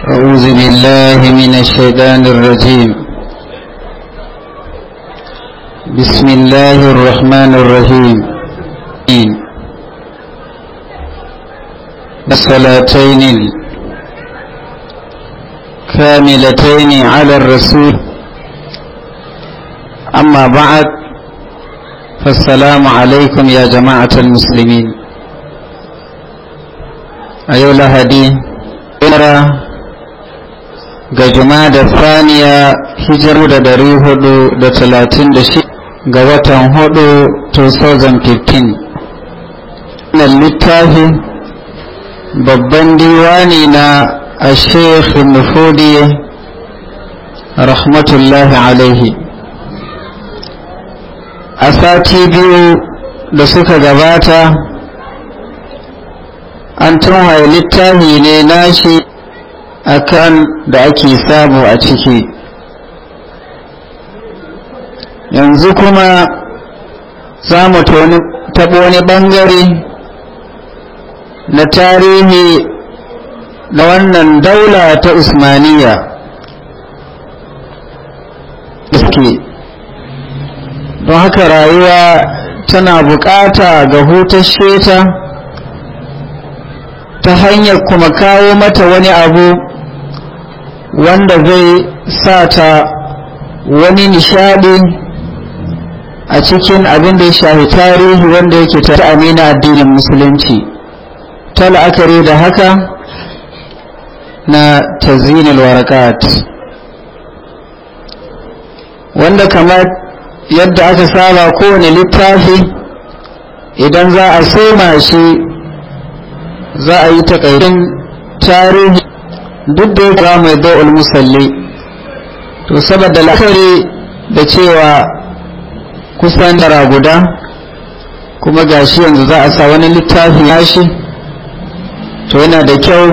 أعوذ بالله من الشيطان الرجيم بسم الله الرحمن الرحيم الصلاتين الكاملتين على الرسول أما بعد فالسلام عليكم يا جماعة المسلمين أيها الهدي ga da saniya hijiru da dari hudu da talatin da shi ga watan hudu 2015 nan littafi babban diwani na a sheikh nufodi rahmatullahi alaihi a sati biyu da suka gabata an tunwaye littafi ne nashi akan da ake samu a ciki yanzu kuma za mu taɓo wani ɓangare na tarihi na wannan daula ta usmaniya iske don haka rayuwa tana bukata ga hutar sheta ta hanyar kuma kawo mata wani abu wanda zai sa ta wani nishadi a cikin abin da ya shafi tarihi wanda yake ta amina addinin musulunci ta la'akari da haka na tazinin warakat wanda kamar yadda aka saba kowane littafi idan za a soma shi za a yi takaitun tarihi duk da yake mai da'ul musalli to saboda la'akari da cewa kusan dara guda kuma gashi yanzu za a sa wani littafin yashi to yana da kyau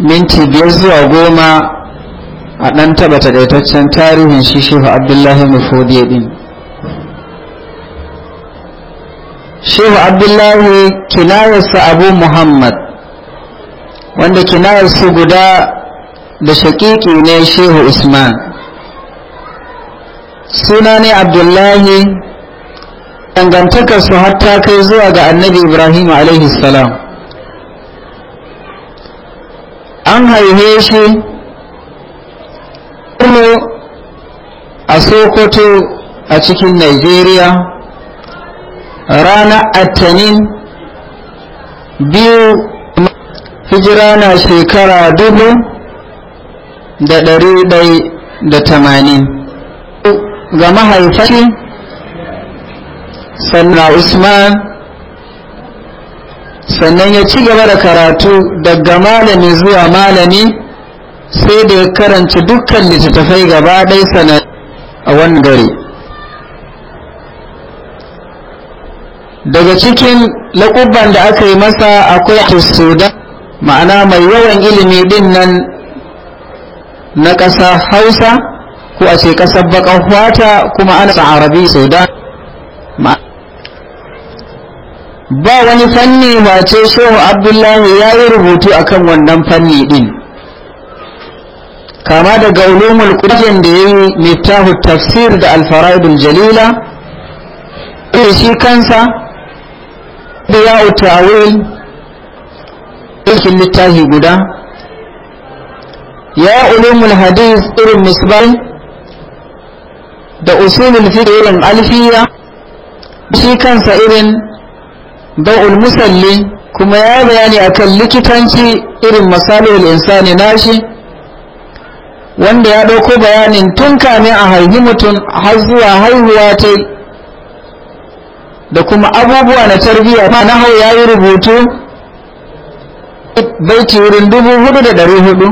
minti biyar zuwa goma a ɗan taɓa taɗaitaccen tarihin shi shehu abdullahi mafodiya ɗin shehu abdullahi kinayarsa abu muhammad wanda su guda da shaƙiƙi ne shehu usman suna ne abdullahi dangantakarsu hatta kai zuwa ga annabi ibrahim salam an haife shi a sokoto a cikin nigeria rana attanin biyu hijira na shekara dubu da ɗari ɗai da tamanin ga mahaifashi sannan usman sannan ya ci gaba da karatu daga malami zuwa malami sai da ya karanci dukkan littattafai gaba ɗai sana a wani gari daga cikin laƙubban da aka yi masa akwai a sudan ma'ana mai yawan ilimi din nan na ƙasa hausa ko a ce ƙasar baƙar fata kuma ana sa arabi sudan ba wani fanni mace shehu abdullahi ya yi rubutu akan wannan fanni din kama daga gaulumul kudin da ya yi mitahu tafsir da alfaraidul jalila shi kansa da ya utawil cikin littafi guda ya ulumul hadis irin misbal da usulul fiqh irin alfiya shi kansa irin ba'ul musalli kuma ya bayani akan likitanci irin masalihul insani nashi wanda ya ɗauko bayanin tun kamin a haihi mutum har zuwa haihuwa ta da kuma abubuwa na tarbiyya ma na hau ya yi rubutu baiti wurin dubu hudu da dari hudu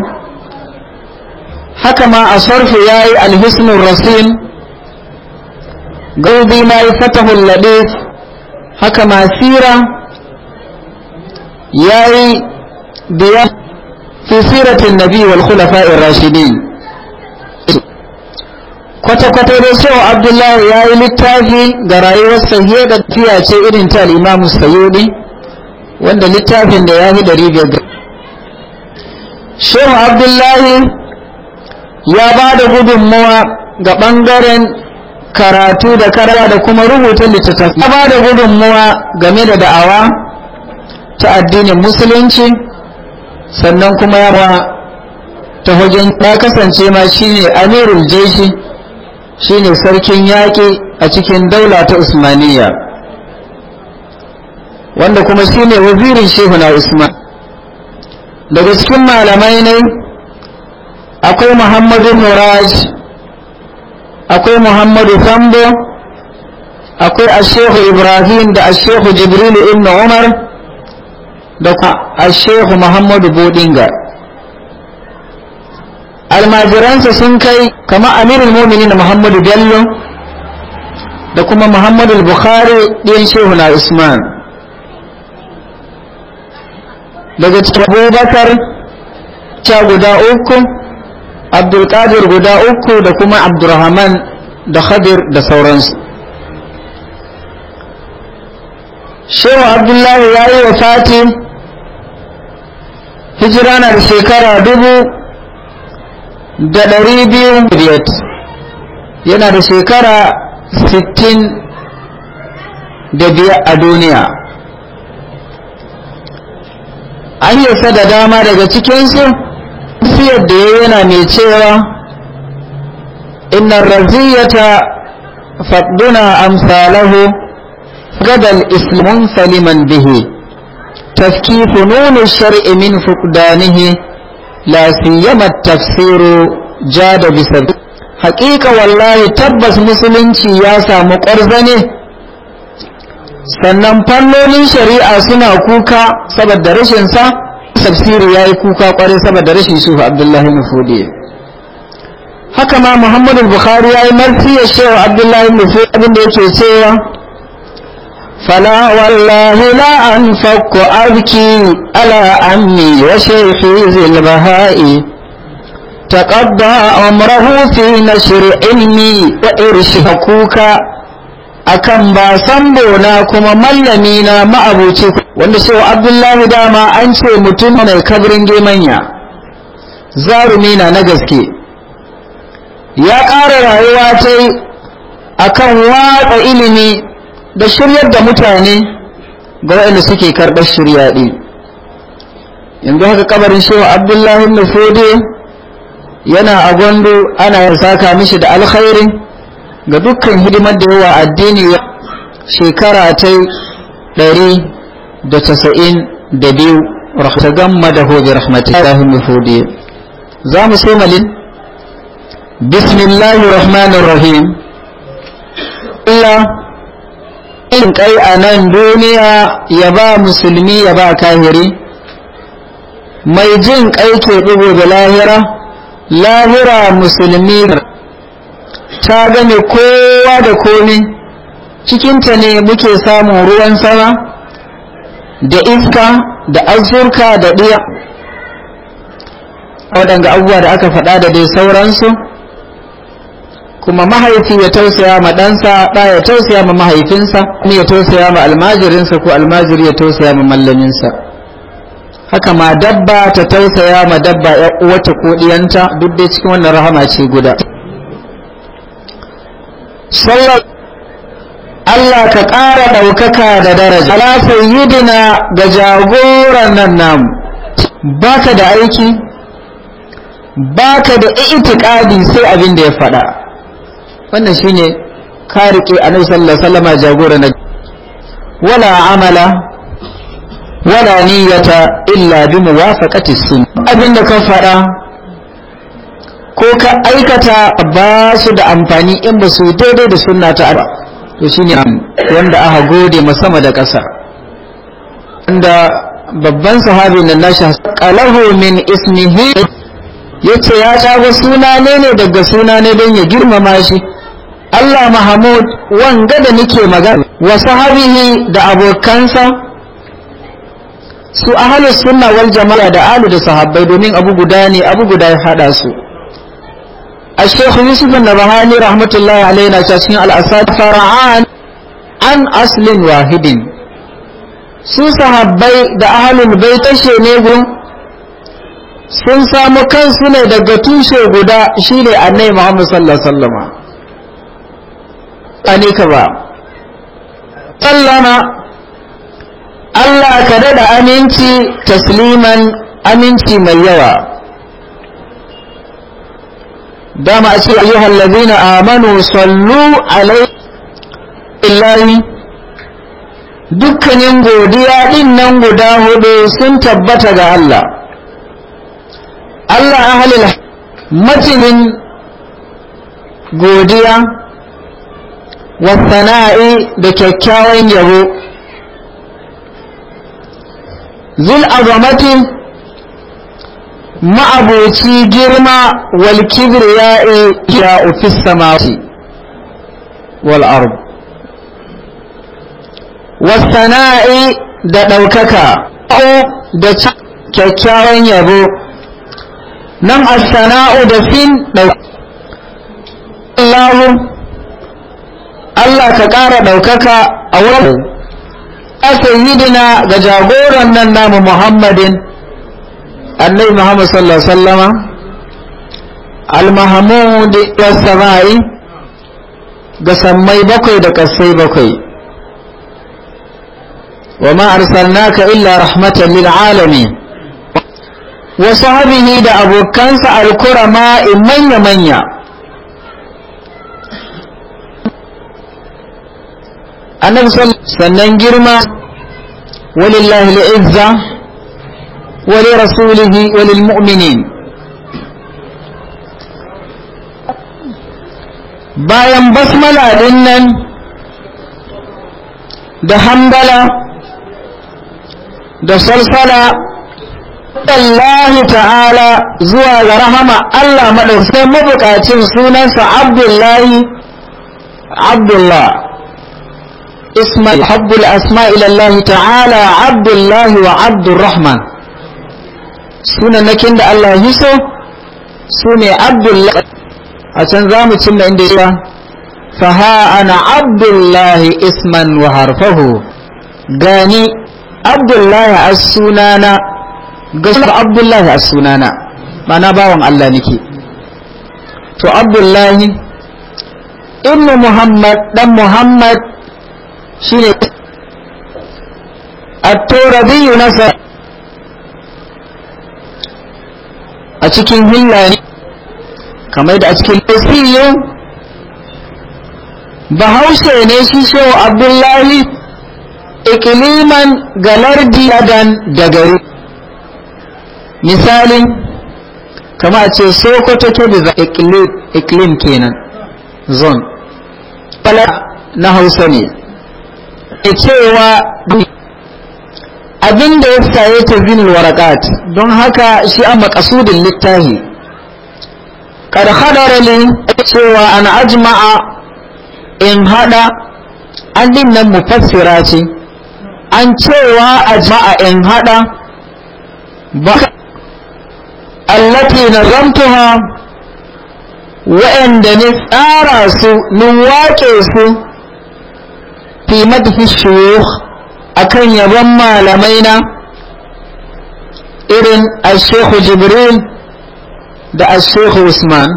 haka ma a sarfi ya yi alhismin rasin. gaubi ma yi fatahun ladis haka ma sira ya yi biya fi siratin nabi wal khulafa'ir rashidin kwata-kwata da sau abdullahi ya yi littafi ga rayuwar sahiyar da fiya ce irin ta al'imamu sayuɗi wanda littafin da ya fi ɗari biyar shehu abdullahi ya ba da gudunmawa ga ɓangaren karatu da karawa da kuma rubuta littattafai ya ba da gudunmawa game da da'awa ta addinin musulunci sannan kuma ya ba ta hujjan ya kasance ma shine amirul jeshi shine sarkin yaƙi a cikin daula ta Usmaniyya. wanda kuma shine wazirin shehu na usman daga cikin malamai ne akwai muhammadu muraj akwai muhammadu tambo akwai ashehu ibrahim da ashehu jibrilu ibn umar da ashehu muhammadu bodinga almajiransa sun kai kama amirul muminin muhammadu bello da kuma muhammadu bukhari ɗin shehu na usman daga cikin abubakar ca guda uku abdulkadir guda uku da kuma abdurrahman da khadir da sauransu shehu abdullahi ya yi wa fati hijira na da shekara dubu da ɗari biyu yana da shekara sittin da biya a duniya an yasa da dama daga cikinsu siyar da ya yana mai cewa inna raziyata faduna amsalahu gadar islamun saliman bihi tafkifu nunu shari'i min fuqdanihi la siyama tafsiru jada bisa hakika wallahi tabbas musulunci ya samu ƙwarza sannan fannonin shari'a suna kuka saboda rashin sa tafsiri yayi kuka kwarai saboda rashin su Abdullahi Mufudi haka ma Muhammad al-Bukhari yayi martiya shehu Abdullahi Mufudi abin da yake cewa fala wallahi la anfaqu abki ala ammi wa shaykhi zil bahai تقضى عمره في نشر علمي وإرش حقوقا akan ba sambo na kuma mallami na ma'abuci wanda so abdullahi dama an ce mutum mai kabrin gemanya zarumi na na gaske ya ƙara rayuwa ta akan watsa ilimi da shiryar da mutane ga waɗanda suke karɓar shirya ɗi yanzu haka kabarin shehu abdullahi mafode yana a gwando ana saka mishi da alkhairin. ga dukkan hidimar da yawa addini shekara ta ɗari da gamma da biyu ta gamma da mafudi za mu so malin bismillahir rahmanir rahim Allah in kai a nan duniya ya ba musulmi ya ba kahiri mai jin kai ke dubo da lahira lahira musulmi ta gane kowa da komi cikinta ne muke samun ruwan sama da iska da azurka da ɗiya waɗanda abubuwa da aka faɗa da dai sauransu kuma mahaifi ya tausaya ma ɗansa ɗa ya tausaya ma mahaifinsa kuma ya tausaya ma almajirinsa ko almajiri ya tausaya ma mallaminsa haka ma dabba ta tausaya ma dabba ya uwata ko ɗiyanta duk dai cikin wannan rahama ce guda sallar Allah ka ƙara ɗaukaka da daraja ala sayyidina ga jagoran nan namu baka da aiki baka da itikadi sai abin da ya faɗa wannan shine ka riƙe annabi sallallahu alaihi wasallam jagoran na wala amala wala niyyata illa bi muwafaqati sunnah abin da ka faɗa ko ka aikata ba su da amfani in ba su daidai da suna ta ba to ne wanda aka gode sama da ƙasa wanda babban sahabi na nashi ƙalahu min ismihi yace ya tsago suna ne ne daga suna ne don ya girmama shi Allah Mahmud wanga da nake magana wa sahabihi da abokansa su ahlus sunna wal jama'a da alu da sahabbai domin abu guda ne abu guda ya hada su الشيخ يوسف النبهاني رحمة الله علينا تسمع الأساد فرعان عن أصل واحد su sahabbai da ahalul bai tashe ne gun sun samu kansu ne daga tushe guda shine annai muhammad sallallahu sallama ne ka ba sallama allah ka daɗa aminci tasliman aminci mai yawa dama a ce ayyuhal ladina amanu sallu alaihi dukkanin godiya din nan guda hudu sun tabbata ga Allah Allah ahalil matinin godiya wasana'i da kyakkyawan yabo zul azamati ma'aboci girma wal kibriya'i ya ofis samawati wal ard wasana'i da ɗaukaka da kyakkyawan yabo nan as-sana'u da fin ɗaukaka Allah ka ƙara ɗaukaka a wurin a dina ga jagoran nan namu Muhammadin annabi muhammad sallallahu alaihi wasallama al-mahmud ya samai ga sammai bakwai da kasai bakwai wa ma arsalnaka illa rahmatan lil alamin wa sahbihi da abokansa al-kurama manya manya annabi sallallahu sannan girma walillahi al ولرسوله وللمؤمنين bayan basmala din nan da hambala da salsala Allah ta'ala zuwa ga rahama Allah maɗausai mabukacin sunansa Abdullahi Abdullah Ismail habbul asma ila Allah ta'ala Abdullahi wa Abdurrahman sunannakin da Allah ya so su ne abdullahi a can za mu cimma inda ya ha ana abdullahi isman wa harfahu gani abdullahi a sunana ga shi abdullahi a sunana mana bawan Allah nake to abdullahi ibnu muhammad dan muhammad shine at-turabi nasa a cikin hilla ne kamar da a cikin tasiriyo bahaushe ne shi shehu abdullahi ikiliman galardi ladan da gari misalin kama a ce sokoto kebe za iklim kenan zon na hausa ne cewa abin da ya saye ta zinul warakat don haka shi a makasudin littahi kada hadara ne cewa an ajma'a in hada an din nan mufassira ce an cewa ajma'a in hada ba allati nazamtuha wa'anda ne tsara su nun wake su fi madhi shuyukh akan yaban malamai na irin ashehu jibril da ashehu usman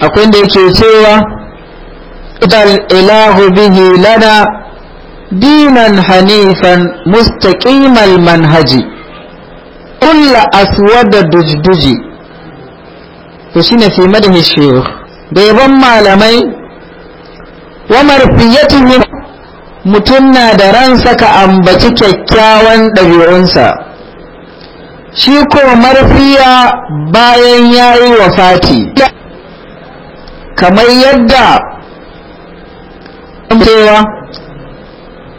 akwai da yake cewa idal ilahu bihi lana dinan hanifan mustaqimal manhaji kulla aswada dujduji to shine fi madhi shekh da yaban malamai wa marfiyatihim mutum na da ransa ka ambaci kyakkyawan ɗabi'unsa shi ko marfiya bayan ya yi wa Fati. kamar yadda cewa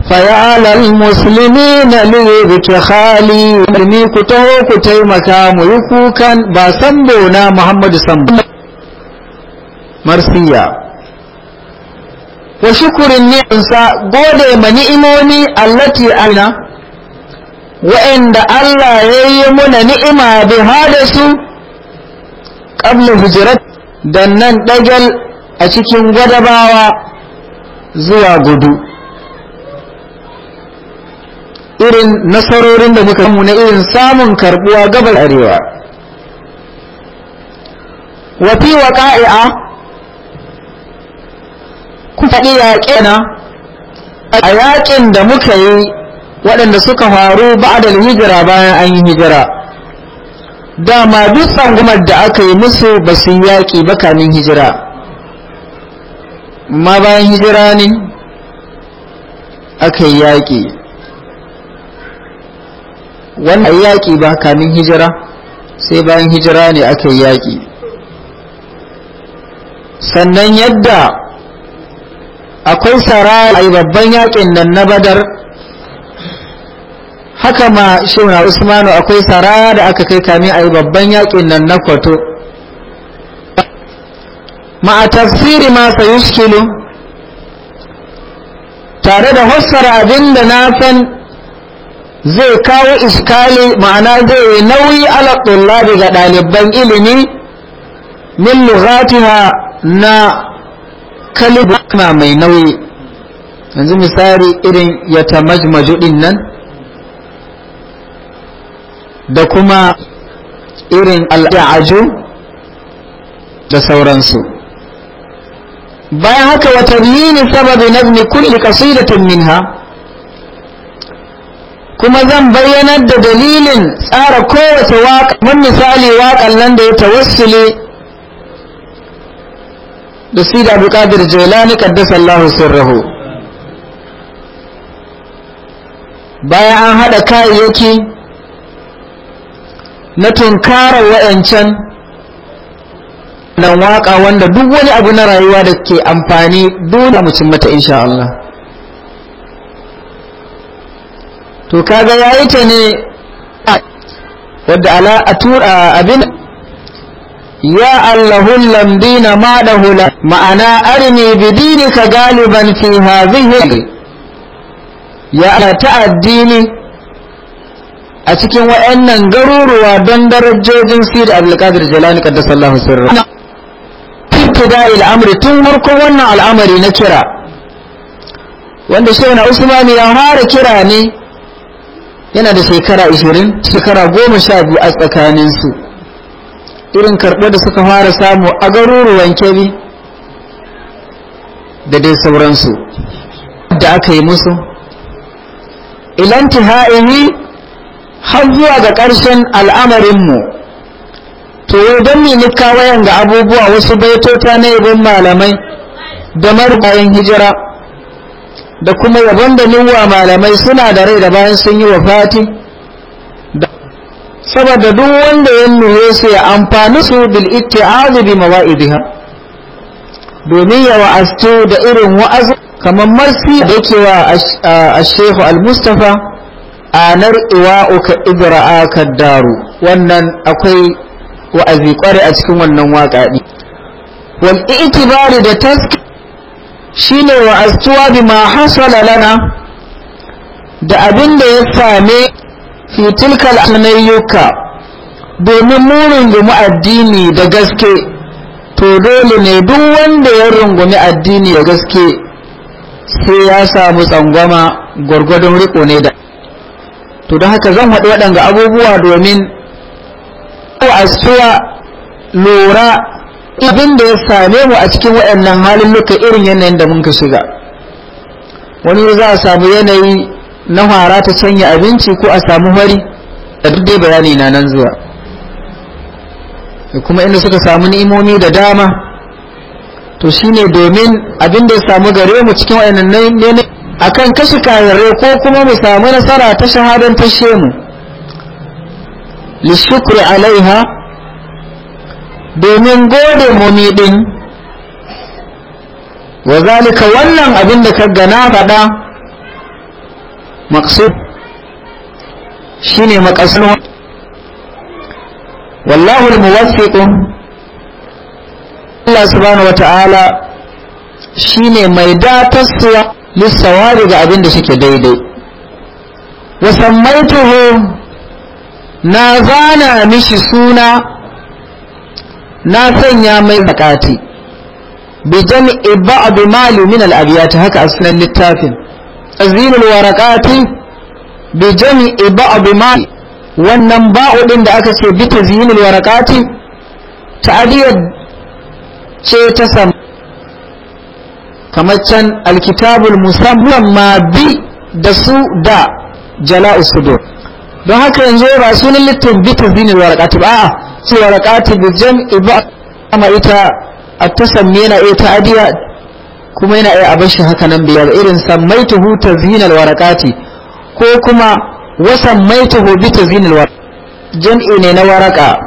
fayalar musulmi na lura hali musulmi ku taho ku taimaka mu yi kukan ba sambo na muhammadu sambo marsiya wa shukurin ni'insa gode ma ni'imomi allati alna wa'anda Allah ya yi muna ni'ima bi hada su qabla hijrat dan nan dagal a cikin gwadabawa zuwa gudu irin nasarorin da muka mu na irin samun karbuwa gabar arewa wa fi waqa'i'a Ku faɗi yaƙe na a yaƙin da muka yi waɗanda suka faru ba da hijira bayan an yi hijira dama duk tsangumar da aka yi musu ba su yaƙi ba kamin hijira ma bayan hijira ne aka yi yaƙi wannan yaƙi ba kamin hijira sai bayan hijira ne aka yi yaƙi sannan yadda akwai saraya a babban yakin nan na badar haka ma shuna usmanu akwai saraya da aka kai kame a babban yakin nan na kwato ma a tafsiri ma sayuskilu tare da hassara abin da na san zai kawo iskali ma'ana zai yi nauyi alaƙulla ga ɗaliban ilimi min lughatiha na kalibu kana mai nauyi yanzu misali irin ya tamajmaju din nan da kuma irin al'aju da sauransu bayan haka wata yini sababi nazmi kulli qasidatin minha kuma zan bayyanar da dalilin tsara kowace waƙa mun misali waƙan nan da ya tawassuli da sida abu qadir jailani kaddasa Allah sirrahu bayan an hada kayayyaki na tunkara wa'ancan nan waka wanda duk wani abu na rayuwa da ke amfani dole mu mata insha Allah to kaga yayi ta ne wadda ala atura abin يا الله لم دين ما له معنا أرني بدينك غالبا في هذه يا تعديني a cikin waɗannan garuruwa don darajojin sir abdulkadir jalani Allah sirra ibtida al'amri tun farkon wannan al'amari na kira wanda na usmani ya fara kira ne yana da shekara 20 shekara 12 a tsakaninsu irin karɓar da suka fara samu a garuruwan kebi da dai sauransu da aka yi musu ilanti ha'ihi har zuwa ga ƙarshen al'amarinmu to yau don nemi kawayan ga abubuwa wasu baitota na yabon malamai da marubayan hijira da kuma yabon da nuwa malamai suna da rai da bayan sun yi wa fati saboda duk wanda ya nure su ya amfani su bil itti'azu bi mawa'idiha domin ya wa'astu da irin wa'azu kamar marsi da yake wa ashehu al-mustafa anar iwa'uka idra'aka daru wannan akwai wa'azi kware a cikin wannan waka din wal i'tibari da taski shine wa'astuwa bima hasala lana da abin da ya same fi tilkal domin mu gumi addini da gaske to dole ne duk wanda ya rungumi addini da gaske sai ya samu tsangwama gwargwadon riko ne da to don haka zan haɗu waɗanga abubuwa domin asuwa lura abin da ya same mu a cikin waɗannan halin luka irin yanayin da mun ka shiga wani za a samu yanayi na hara ta canya abinci ko a samu hari. da duk dai bayani na nan zuwa kuma inda suka samu ni'imomi da dama to shine domin abin da ya samu gare mu cikin wayannan ne akan kashe kayarre ko kuma mu samu nasara ta shahadan ta shemu lishukri alaiha domin gode mu din wa zalika wannan abin da ka gana faɗa maqsud shine maqasudun wallahu al-muwaffiq Allah subhanahu wata'ala shine mai datarsuwa lissawabi ga abin da suke daidai wasammaituhu na zana mishi suna na sanya mai bakati bi jam'i ba'd mali min al-abiyat haka a sunan littafin tazilul warakati bi jami'i ba'd ma wannan ba'u din da aka ce bi tazilul warakati ta'diyar ce ta sam kamar can alkitabul musamman ma bi da su da jala'u sudur don haka yanzu ba sunan littafin bi tazilul warakati ba a su warakati bi jami'i ba'd ma ita a tasammi na ita adiya kuma yana iya abin shi haka nan biyar irin san ta tazhinal warakati ko kuma wasan mai tuhu bi tazhinal warakati jam'i ne na waraka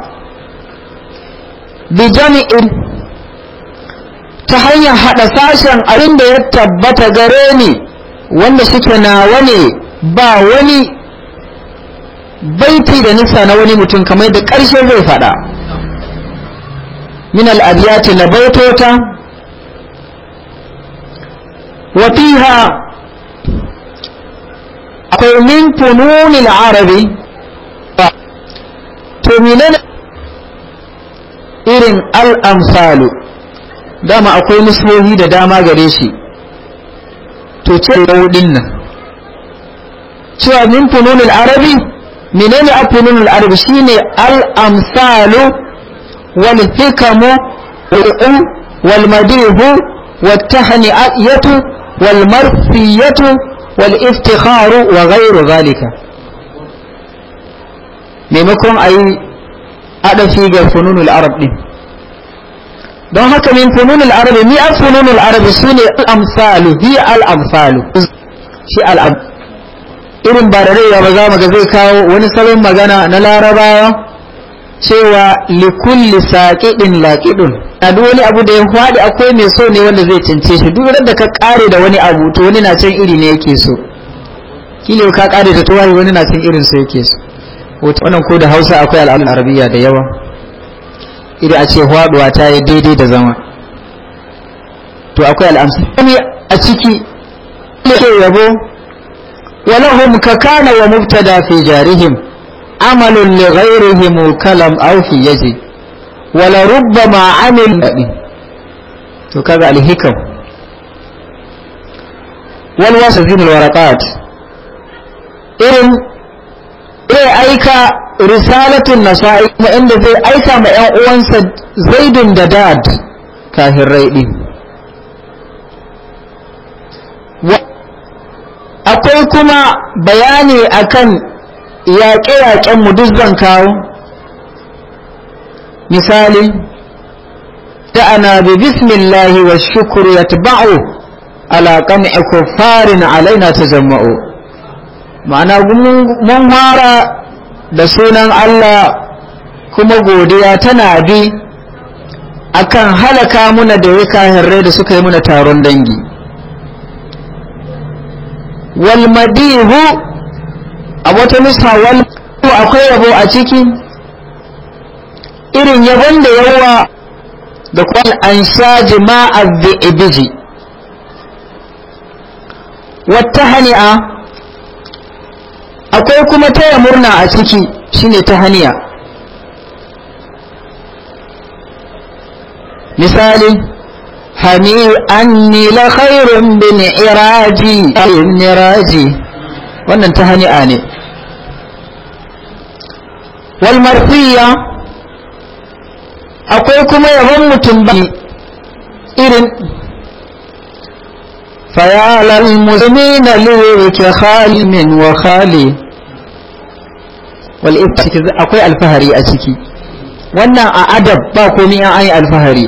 bi jam'in ta hanyar hada sashen abin da ya tabbata gare ni wanda suke nawa ne ba wani baiti da nisa na wani mutum kamar da ƙarshe zai fada min al abiyati na baitota وفيها akwai min fununil arabi to minan irin al'amsalu dama akwai musulohi da dama gare shi to ce da wudin nan cewa min fununil arabi menene a fununil arabi shine al'amsalu wal hikamu wal'u wal madihu والتهنئة والمرثية والافتخار وغير ذلك maimakon a yi adafi ga fununul arab din don haka min fununul arab ni an fununul arab su ne al'amsalu hi al'amsalu shi al'am irin ba da rai ba za mu ga zai kawo wani salon magana na larabawa cewa likulli saqidin laqidun a duk wani abu da ya faɗi akwai mai so ne wanda zai cince shi duk da ka kare da wani abu to wani na cin iri ne yake so kile ka kare da tuwai wani na cin irin so yake so wannan ko da hausa akwai al'adun arabiya da yawa idan a ce hwaduwa ta yi daidai da zama to akwai al'amsa wani a ciki ne yabo walahum ka kana wa mubtada fi jarihim amalun li ghairihi mukalam aw fi yaji wala rubbama amil to kaga alhikam wal wasafin alwaraqat irin zai aika risalatun nasa'i na inda zai aika ma yan uwansa zaidun da dad kafin raidi akwai kuma bayani akan yaƙe-yaƙenmu duk zan kawo misali ana bi bismillahi wa shukuru ya taba'u alaƙan farin alaina ta jama'u ma'ana mun fara da sunan Allah kuma godiya tana bi akan halaka muna da wuka kahin da suka yi muna taron dangi walmadihu a wata nusa wani akwai yabo a ciki irin yabon da yawa da kuma an sha da ibiji wata hani'a akwai kuma taya murna a ciki shine ta hani'a misali hani anni la khairun bin iraji bin iraji wannan ta hani'a ne walmarfiya akwai kuma yabon mutum ba irin fayalar musulmi na lura khali min wa khali akwai alfahari a ciki wannan a adab ba komi an yi alfahari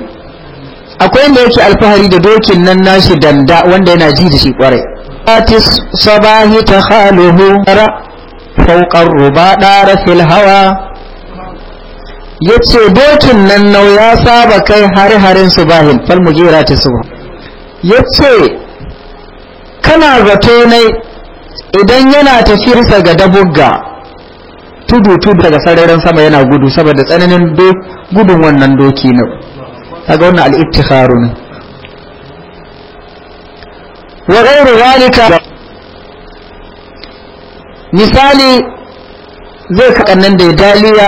akwai da yake alfahari da dokin nan nashi danda wanda yana ji da shi kwarai atis sabahi ta khalihu فوق الربا دار في الهوى yace dokin nan nau ya saba kai har-harin su bahin falmujira ta suba yace kana zato ne idan yana tafiyarsa ga dabugga tudu-tudu daga sararin sama yana gudu saboda tsananin gudun wannan doki na kaga wannan al'ittikharu ne wa ghairu zalika misali zai kaɗan nan da ya daliya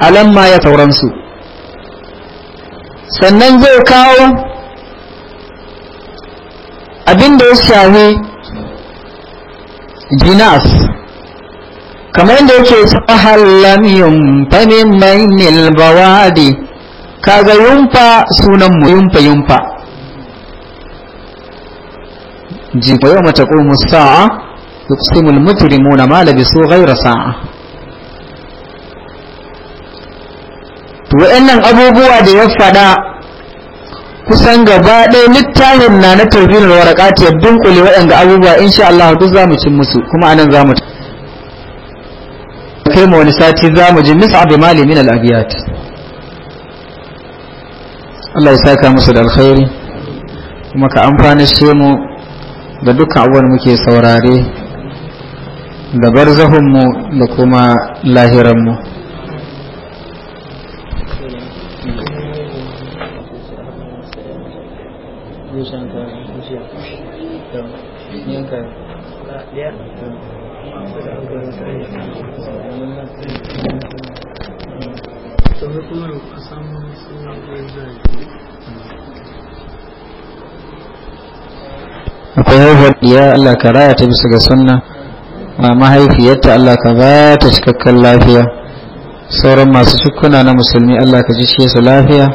alamma ya sauransu sannan zai kawo abin da ya shahi jinas kamar yadda yake sahallam yumfa mai mainil bawadi kaga yumfa sunan mu yumfa yumfa jin yau taqumu as-sa'a يقسم المجرمون ما لبسوا غير ساعة wa'annan abubuwa da ya faɗa kusan gaba ɗaya littafin na na tarbiyyar warakati ya dunkule waɗanda abubuwa insha Allah duk za mu cin musu kuma anan za mu kai mu wani sati za mu ji misa abu mali min al'abiyat Allah ya saka musu da alkhairi kuma ka amfana shi mu da dukkan abubuwan muke saurare da mu da kuma lahiranmu akwai haihuwar ɗiya Allah ka raya ta bisa ga sunna mahaifiyarta Allah ka ba ta cikakken lafiya sauran masu cikuna na musulmi Allah ka ji su lafiya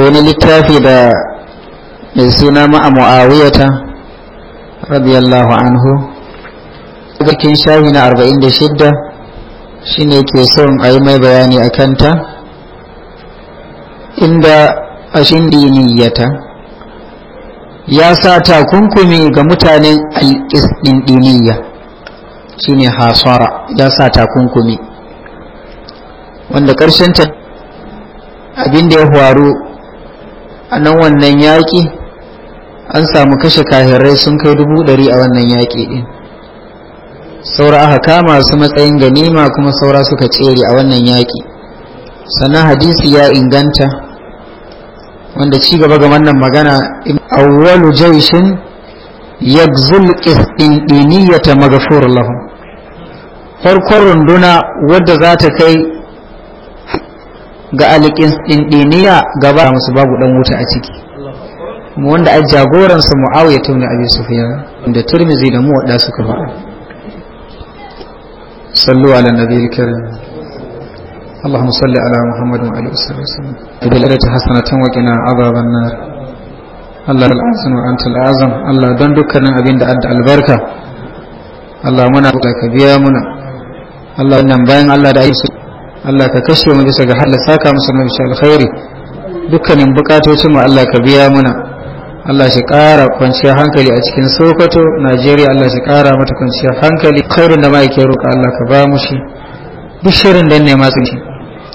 wani littafi da mai suna ma'a mu'awiyata radiyallahu anhu cikin shahi na 46 shine ke son a yi mai bayani a kanta inda ashin diniyata ya sa takunkumi ga mutanen alƙisɗin shi shine hasara ya sa takunkumi wanda ƙarshen ta abin da ya faru a nan wannan yaƙi an samu kashe kahirai sun kai dubu ɗari a wannan yaƙi ɗin saura aka kama su matsayin ganima kuma saura suka tsere a wannan yaki. sannan hadisi ya inganta wanda ci gaba ga wannan magana awwalu jaishin yagzul qistiniyata maghfur lahum farkon runduna wadda za ta kai ga diniya gaba musu babu dan wuta a ciki wanda a jagoransa muawiya abi sufyan da turmizi da muwadda suka ba. صلوا على النبي الكريم اللهم صل على محمد وعلى اله وسلم بالعلة حسنة وقنا عذاب النار الله العظيم وانت العظم الله دون دكان ابين da adda albarka Allah muna da ka biya muna Allah wannan bayan Allah da ayyuka Allah ka kashe mu bisa ga halin saka musu mai alkhairi dukkanin bukatocin mu Allah ka biya muna Allah shi ƙara kwanciyar hankali a cikin Sokoto Najeriya Allah shi ƙara mata kwanciyar hankali khairun da ma'aike roƙa Allah ka ba mu shi duk shirin da ne matsin shi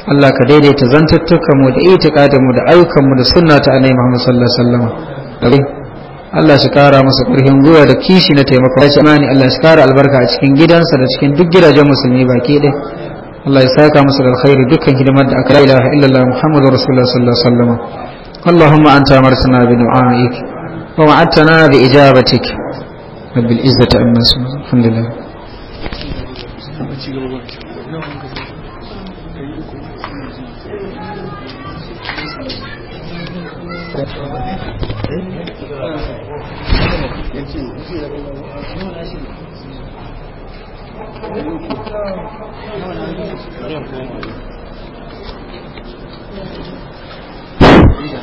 Allah ka daidaita zantattukan mu da itiqadin mu da ayyukan mu da sunna ta Annabi Muhammad sallallahu alaihi wasallam Allah shi ƙara masa ƙarfin gwiwa da kishi na taimako ya imani Allah shi ƙara albarka a cikin gidansa da cikin duk gidajen musulmi baki ɗaya Allah ya saka masa da alkhairi dukkan hidimar da aka la ilaha illallah Muhammadur Rasulullah sallallahu alaihi wasallam اللهم أنت أمرتنا بدعائك ووعدتنا بإجابتك رب العزة أما الحمد لله Thank you.